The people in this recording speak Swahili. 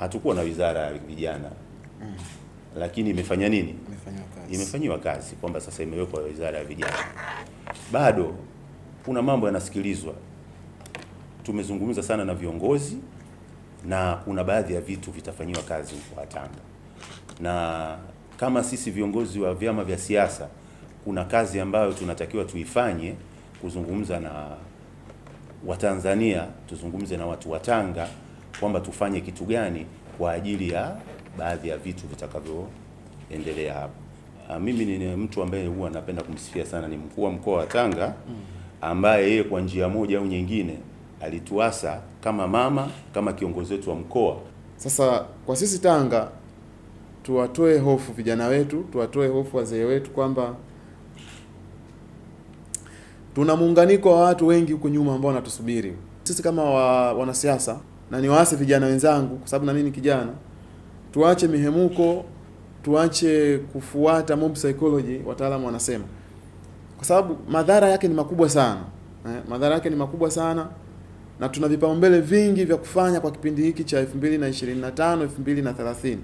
hatukuwa na wizara ya vijana mm. Lakini imefanya nini? Imefanyiwa kazi, kazi kwamba sasa imewekwa wizara ya vijana. Bado kuna mambo yanasikilizwa, tumezungumza sana na viongozi na kuna baadhi ya vitu vitafanyiwa kazi kwa Tanga, na kama sisi viongozi wa vyama vya siasa kuna kazi ambayo tunatakiwa tuifanye, kuzungumza na Watanzania, tuzungumze na watu wa Tanga kwamba tufanye kitu gani kwa ajili ya baadhi ya vitu vitakavyoendelea hapa. Ah, mimi ni mtu ambaye huwa napenda kumsifia sana, ni mkuu wa mkoa wa Tanga ambaye yeye kwa njia moja au nyingine alituasa kama mama, kama kiongozi wetu wa mkoa. Sasa kwa sisi Tanga tuwatoe hofu vijana wetu, tuwatoe hofu wazee wetu kwamba tuna muunganiko wa watu wengi huko nyuma ambao wanatusubiri sisi kama wa, wanasiasa na niwaase vijana wenzangu, kwa sababu na mimi ni kijana, tuache mihemuko, tuache kufuata mob psychology, wataalamu wanasema, kwa sababu madhara yake ni makubwa sana eh, madhara yake ni makubwa sana na tuna vipaumbele vingi vya kufanya kwa kipindi hiki cha 2025 2030.